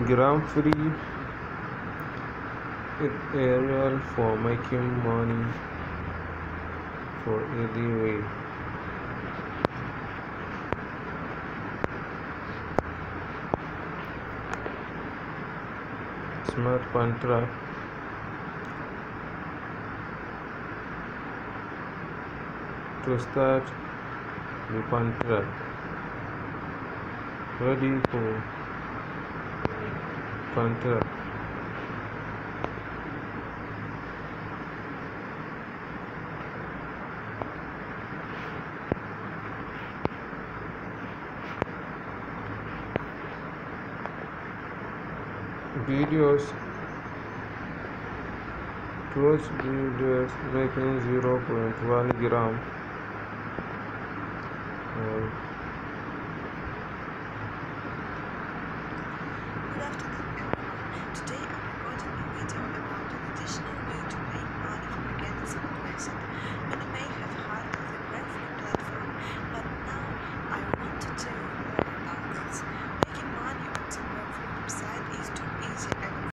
gram-free area for making money for any way smart contract to start the contract ready to पंद्रह videos Twitch videos making 0.1 gram uh, I may have but now I want to tell you more about this. Making money on the web is too easy.